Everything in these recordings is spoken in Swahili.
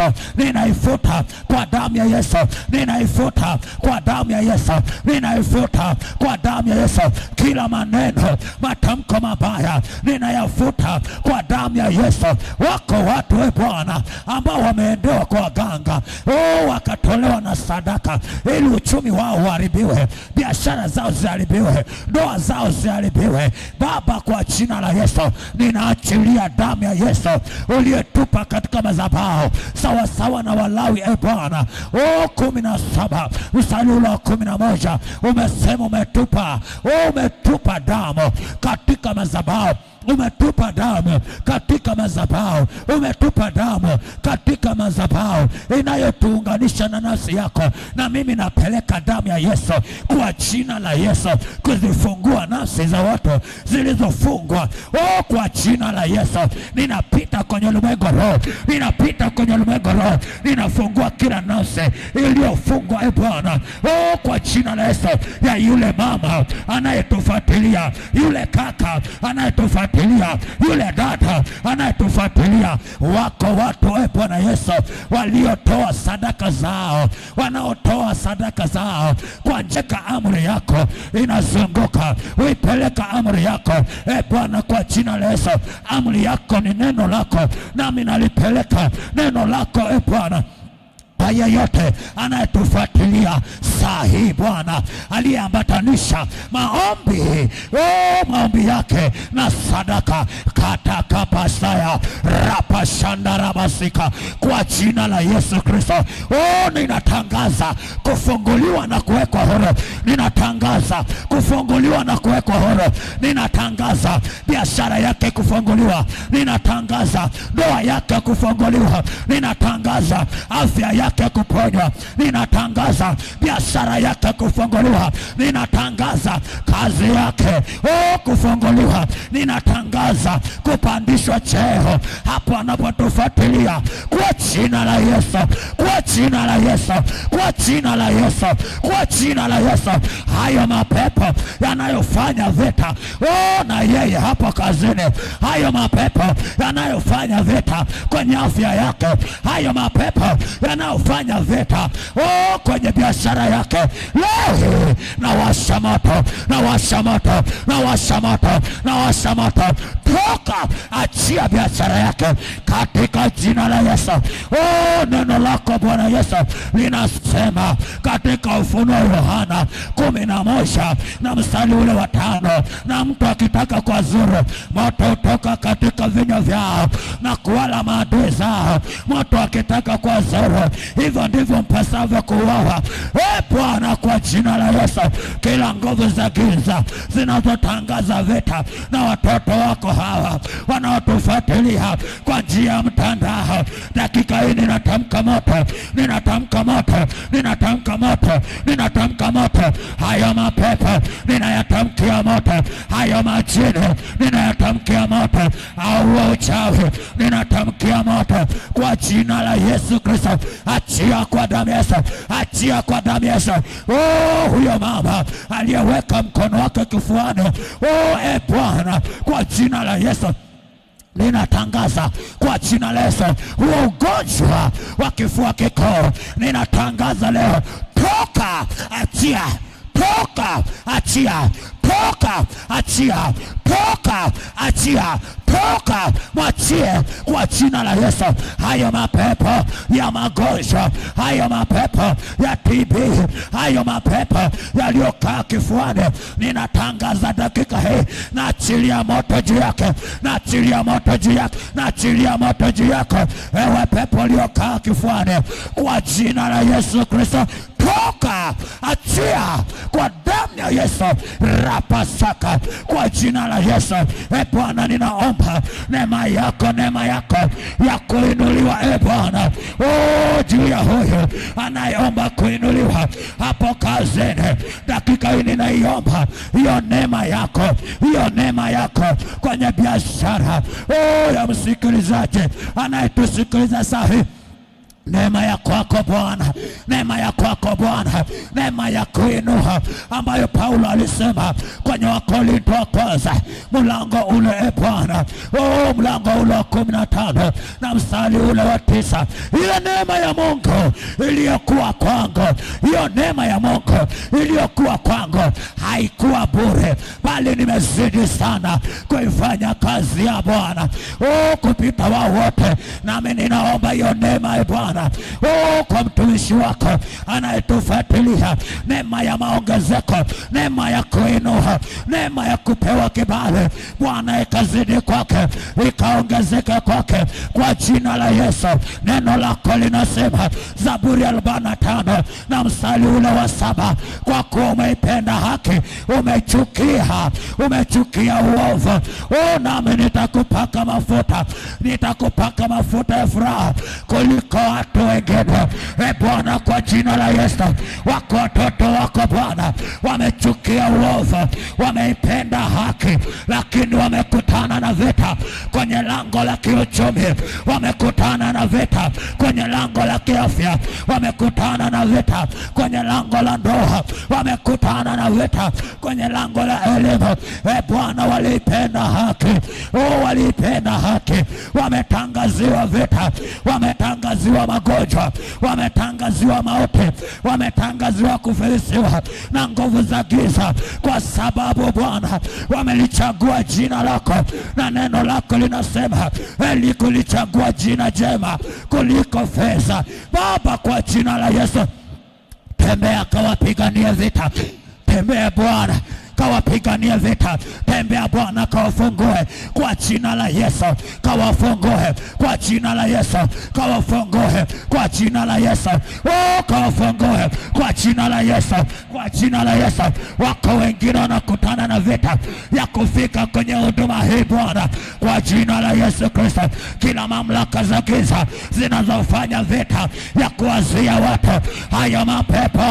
Yesu, ninaifuta kwa damu ya Yesu, ninaifuta kwa damu ya Yesu, ninaifuta kwa damu ya Yesu. Kila maneno matamko mabaya ninayafuta kwa damu ya Yesu. Wako watu we Bwana ambao wameendewa kwa ganga oh, wakatolewa na sadaka ili uchumi wao uharibiwe, biashara zao ziharibiwe, ndoa zao ziharibiwe. Baba, kwa jina la Yesu ninaachilia damu ya Yesu uliyetupa katika madhabahu sawasawa na Walawi. E Bwana, o kumi na saba mstari wa kumi na moja umesema umetupa, umetupa damu katika madhabahu umetupa damu katika madhabahu, umetupa damu katika madhabahu inayotuunganisha na nafsi yako, na mimi napeleka damu ya Yesu kwa jina la Yesu kuzifungua nafsi za watu zilizofungwa. Oh, kwa jina la Yesu ninapita kwenye ulimwengu roho, ninapita kwenye ulimwengu roho, ninafungua kila nafsi iliyofungwa, e Bwana. Oh, kwa jina la Yesu ya yule mama anayetufuatilia, yule kaka anayetufuatilia anayetufuatilia, yule dada anayetufuatilia. Wako watu e Bwana Yesu, waliotoa sadaka zao, wanaotoa sadaka zao kwa Amri yako inazunguka, uipeleka amri yako e Bwana, kwa jina la Yesu. Amri yako ni neno lako, nami nalipeleka neno lako e Bwana kwa yeyote anayetufuatilia saa hii, Bwana aliyeambatanisha maombi oh, maombi yake na sadaka katakapasaya rap mashandarabasika kwa jina la Yesu Kristo. Oh, ninatangaza kufunguliwa na kuwekwa huru, ninatangaza kufunguliwa na kuwekwa huru, ninatangaza biashara yake kufunguliwa, ninatangaza ndoa yake kufunguliwa, ninatangaza afya yake kuponywa, ninatangaza biashara yake kufunguliwa, ninatangaza kazi yake oh, kufunguliwa, ninatangaza kupandishwa cheo hapo unapotufuatilia jina la Yesu, kwa jina la Yesu, kwa jina la Yesu, kwa jina la Yesu. Hayo mapepo yanayofanya vita oh, na yeye hapo kazini, hayo mapepo yanayofanya vita kwenye afya yake, hayo mapepo yanayofanya vita oh, kwenye biashara yake, leo na washa moto, na washa moto, na washa moto, na washa moto, toka, achia biashara yake katika jina la Yesu. Oh, neno lako Bwana Yesu linasema katika Ufunuo Yohana kumi na moja na mstari ule wa tano, na mtu akitaka kwa zuru moto utoka katika vinywa vyao na kuwala maadui zao. Moto akitaka kwa zuru, hivyo ndivyo mpasavyo kuuawa. E Bwana, kwa jina la Yesu, kila nguvu za giza zinazotangaza vita na watoto wako hawa wanaotufuatilia kwa njia ya mtandao dakika dakika hii ninatamka moto, ninatamka moto, ninatamka moto, ninatamka moto. Hayo mapepo ninayatamkia moto, hayo majini ninayatamkia moto, auo uchawi ninatamkia moto kwa jina la Yesu Kristo. Achia kwa damu Yesu, achia kwa damu Yesu. Oh, huyo mama aliyeweka mkono wake kifuani, oh, e Bwana, kwa jina la Yesu Ninatangaza kwa jina la Yesu, huo ugonjwa wa kifua kikuu ninatangaza leo, toka, achia, toka, achia, toka, achia, toka, achia toka, mwachie kwa jina la Yesu. Hayo mapepo ya magonjwa, hayo mapepo ya TB, hayo mapepo yaliyokaa kifuani, ninatangaza dakika hii, naachilia moto juu yake, naachilia moto juu yake, naachilia moto juu yake, ewe pepo liyokaa kifuani, kwa jina la Yesu Kristo toka, achia kwa damu ya Yesu, rapasaka kwa jina la Yesu. E Bwana, ninaomba kwamba neema yako, neema yako ya kuinuliwa, e Bwana, juu ya huyo anayeomba kuinuliwa hapo kazini. Dakika hii ninaiomba hiyo neema yako, hiyo neema yako kwenye biashara, ya msikilizaji anayetusikiliza sahi neema ya kwako Bwana, neema ya kwako Bwana, neema ya kuinua ambayo Paulo alisema kwenye Wakorinto wa kwanza mlango ule e Bwana, oh, mlango ule wa kumi na tano na mstari ule wa tisa ile neema ya Mungu iliyokuwa kwangu hiyo neema ya Mungu iliyokuwa kwangu haikuwa bure, bali nimezidi sana kuifanya kazi ya Bwana oh, kupita wao wote. Nami ninaomba hiyo neema ya Bwana oh, kwa mtumishi wako anayetufuatilia, neema ya maongezeko, neema ya kuinua, neema ya kupewa kibali, Bwana ikazidi kwake, ikaongezeka kwake, kwa jina la Yesu. Neno lako linasema Zaburi 45 na mstari ule wa saba, kwa kuwa umeipenda haki, umechukia umechukia uovu. Oh, nami nitakupaka mafuta, nitakupaka mafuta ya furaha kuliko watu wengine. E Bwana, kwa jina la Yesu, wako watoto wako Bwana wamechukia uovu, wameipenda haki, lakini wamekutana na vita kwenye lango la kiuchumi, wamekutana na vita kwenye lango la kiafya, wamekutana na vita kwenye lango la ndoa, wamekutana na vita kwenye lango la elimu. E Bwana, waliipenda haki, oh, waliipenda haki, wametangaziwa vita, wametangaziwa magonjwa, wametangaziwa mauti, wametangaziwa kufilisiwa na nguvu za giza, kwa sababu Bwana wamelichagua jina lako, na neno lako linasema eli kulichagua jina jema kuliko fedha. Baba, kwa jina la Yesu tembea akawapigania vita, tembea Bwana kawapigania vita. Tembea Bwana, kawafungue kwa jina la Yesu, kawafungue kwa jina la Yesu, kawafungue kwa jina la Yesu, kawafungue kwa jina la Yesu, kwa jina la Yesu. Wako wengine wanakutana na vita ya kufika kwenye huduma hii Bwana, kwa jina la Yesu Kristo, kila mamlaka za giza zinazofanya vita ya kuwazia watu, haya mapepo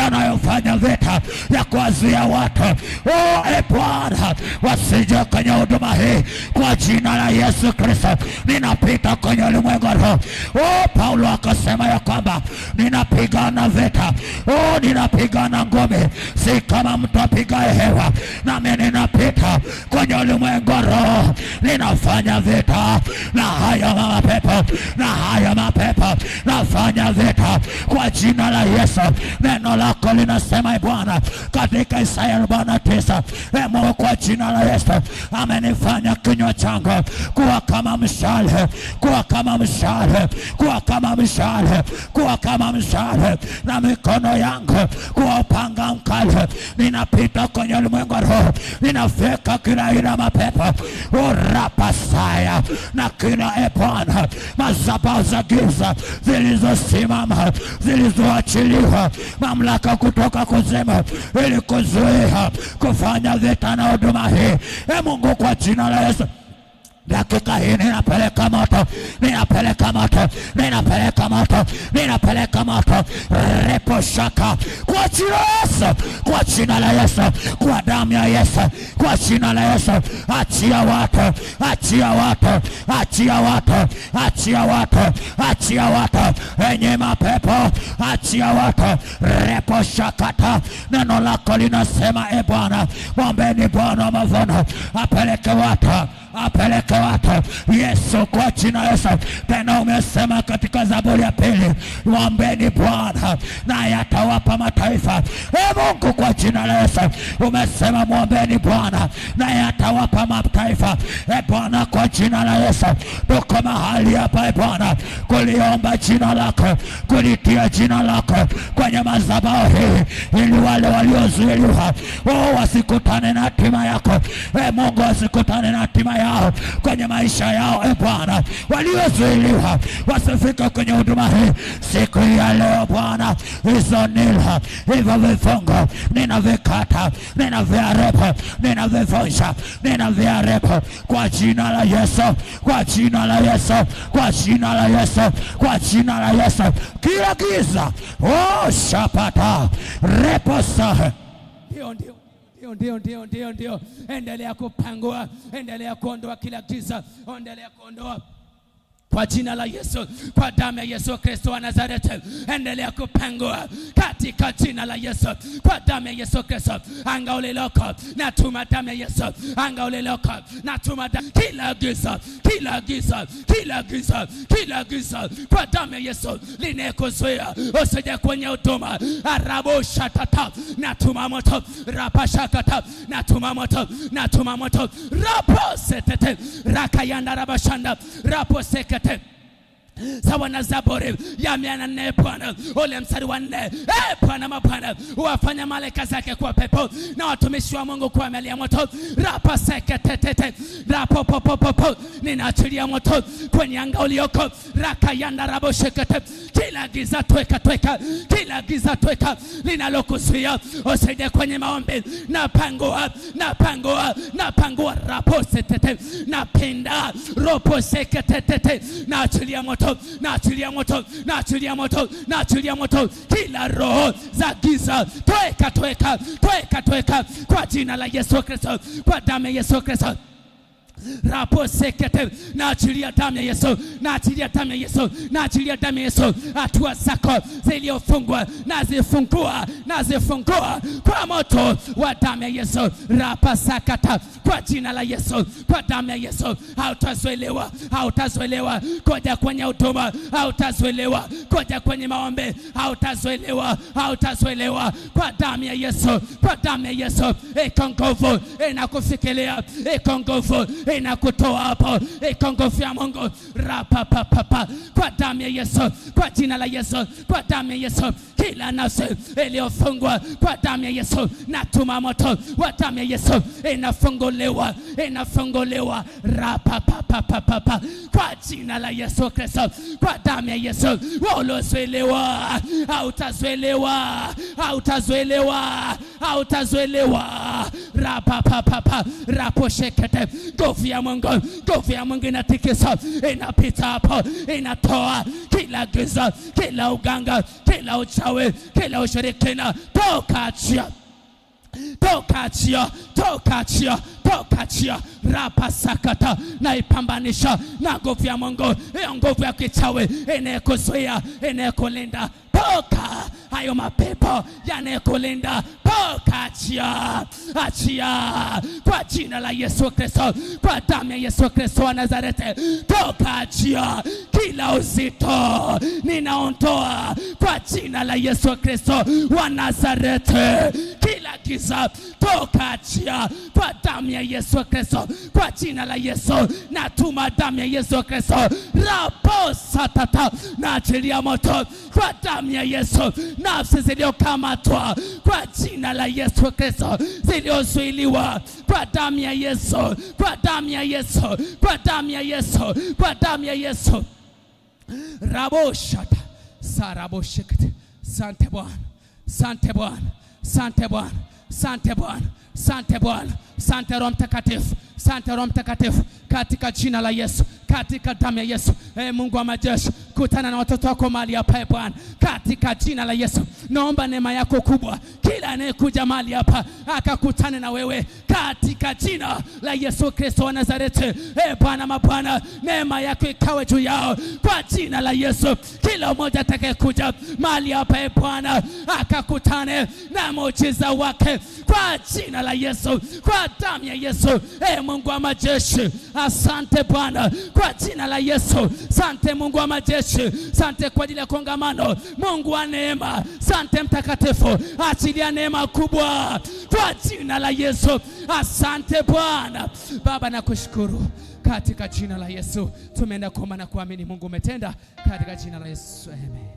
yanayofanya vita ya kuwazia watu Oh, e Bwana, wasije kwenye huduma hii kwa jina la Yesu Kristo. Ninapita kwenye ulimwengu roho. Oh, Paulo akasema ya kwamba ninapigana vita, oh, ninapigana ngome, si kama mtu apigae hewa. Nami ninapita kwenye ulimwengu roho, ninafanya vita na haya mapepo, na haya mapepo nafanya vita kwa jina la Yesu. Neno lako linasema e Bwana katika Isaya na tisa. Mungu kwa jina la Yesu amenifanya kinywa changu kuwa kama mshale, kuwa kama mshale, kuwa kama mshale, kuwa kama mshale, na mikono yangu kuwa upanga mkali. Ninapita kwenye ulimwengu wa roho, ninafika kila ila mapepo urapasaya na kila epona mazabao za giza zilizosimama, zilizoachiliwa mamlaka kutoka kuzema ili kuzuia kufanya vita na huduma hii. E Mungu, kwa jina la Yesu dakika hii ninapeleka moto, ninapeleka moto, ninapeleka moto, ninapeleka moto repo shaka kwa jina la Yesu, kwa jina la Yesu, kwa damu ya Yesu, kwa jina la Yesu. Achia watu, achia watu, achia watu, achia watu, achia watu wenye mapepo, achia watu repo shakata. Neno lako linasema, e Bwana, mwombeni Bwana mavuno apeleke watu apeleke watu Yesu, kwa jina Yesu. Tena umesema katika Zaburi ya pili, waombeni Bwana naye atawapa mataifa. E Mungu, kwa jina la Yesu umesema mwombeni Bwana naye atawapa mataifa. E Bwana, kwa jina la Yesu tuko mahali hapa, e Bwana, kuliomba jina lako, kulitia jina lako kwenye madhabahu hii, ili wale waliozuiliwa wao wasikutane na hatima yako. E Mungu, wasikutane na hatima yao, kwenye maisha yao. E Bwana, waliozuiliwa wasifika kwenye huduma hii siku ya leo. Bwana, hizo nila hivyo vifungo ninavikata, ninaviarepa, ninavivunja, ninaviarepa kwa jina la Yesu, kwa jina la Yesu, kwa jina la Yesu, kwa jina la Yesu, kila giza oh, shapata reposa hiyo ndio ndio, ndio ndio ndio ndio, endelea kupangua, endelea kuondoa kila giza, endelea kuondoa kwa jina la Yesu, kwa damu ya Yesu Kristo wa Nazareti, endelea kupangua katika jina la Yesu, kwa damu ya Yesu Kristo. Anga uliloko natuma damu ya Yesu, anga uliloko natuma damu, kila giza, kila giza, kila giza, kila giza, kwa damu ya Yesu linekuzuia usije kwenye huduma. Arabusha tata, natuma moto, rapasha natuma moto, natuma moto, rapo rakayanda rabashanda, rapo created sawa na Zaburi ya mia na nne Bwana ule mstari wa nne e, Bwana mabwana huwafanya malaika zake kuwa pepo na watumishi wa Mungu kuwa miali ya moto. rapaseketetete rapopopopopo ninaachilia moto kwenye anga ulioko raka yanda rabo rakayanaraboshekete kila giza tweka tweka, kila giza tweka linalokuzuia usaidie kwenye maombi. na na pangua pangua Napangua napangua napangua raposetete napinda roposeketetete naachilia moto moto, naachilia moto, naachilia moto, naachilia moto. Kila roho za giza toeka, toeka, toeka, toeka kwa jina la Yesu Kristo, kwa damu ya Yesu Kristo rapo sekete, naachilia damu ya Yesu, naachilia damu ya Yesu, naachilia damu ya Yesu. Hatua zako zilizofungwa nazifungua, nazifungua kwa moto wa damu ya Yesu, rapa sakata, kwa jina la Yesu, kwa damu ya Yesu. Hautazoelewa, hautazoelewa koja kwenye huduma, hautazoelewa koja kwenye maombi, hautazoelewa, hautazoelewa kwa damu ya Yesu, kwa damu ya Yesu. Iko nguvu inakufikilia, iko nguvu inakutoa hapo, ikongofu ya Mungu rapapapapa, kwa damu ya Yesu, kwa jina la Yesu, kwa damu ya Yesu, kila nafsi iliyofungwa kwa damu ya Yesu, natuma moto wa damu ya Yesu, inafunguliwa, inafunguliwa rapapapapapa, kwa jina la Yesu Kristo, kwa damu ya Yesu. Uliozuiliwa hautazuiliwa, hautazuiliwa, hautazuiliwa rapapapapa raposhekete. Nguvu ya Mungu, nguvu ya Mungu inatikisa, inapita hapo, inatoa kila giza, kila uganga, kila uchawi, kila ushirikina, toka chia toka chia toka chia toka chia rapa sakata naipambanisha na nguvu ya Mungu, hiyo nguvu ya kichawi inayekuzuia inayokulinda, toka hayo mapepo toka achia, achia kwa jina la Yesu Kristo, kwa damu ya Yesu Kristo wa Nazareti, toka, achia kila uzito, ninaondoa kwa jina la Yesu Kristo wa Nazareti, kila giza toka, achia kwa damu ya Yesu Kristo, kwa jina la Yesu natuma damu ya Yesu Kristo, raposatata na achilia moto kwa damu ya Yesu, nafsi zilizokamatwa kwa jina la Yesu Kristo ziliyozuiliwa kwa damu ya Yesu, kwa damu ya Yesu, kwa damu ya Yesu, kwa damu ya Yesu. raboshata saraboshikiti. Sante Bwana, sante Bwana, sante Bwana, sante Bwana, sante Bwana, sante Roho Mtakatifu. Sante Roho Mtakatifu, katika jina la Yesu, katika damu ya Yesu. E, Mungu wa majeshi, kutana na watoto wako mahali hapa ee Bwana, katika jina la Yesu. Naomba neema yako kubwa, kila anayekuja mahali hapa akakutane na wewe, katika jina la Yesu Kristo wa Nazareti. E Bwana mabwana, neema yako ikawe juu yao kwa jina la Yesu. Kila mmoja atakayekuja mahali hapa e Bwana akakutane na muujiza wake kwa jina la Yesu, kwa damu ya Yesu e, Mungu wa majeshi, asante Bwana kwa jina la Yesu. Sante Mungu wa majeshi, sante kwa ajili ya kongamano. Mungu wa neema, sante Mtakatifu, achilia neema kubwa kwa jina la Yesu. Asante Bwana Baba, nakushukuru katika jina la Yesu. Tumeenda kuomba na kuamini, Mungu umetenda katika jina la Yesu, amen.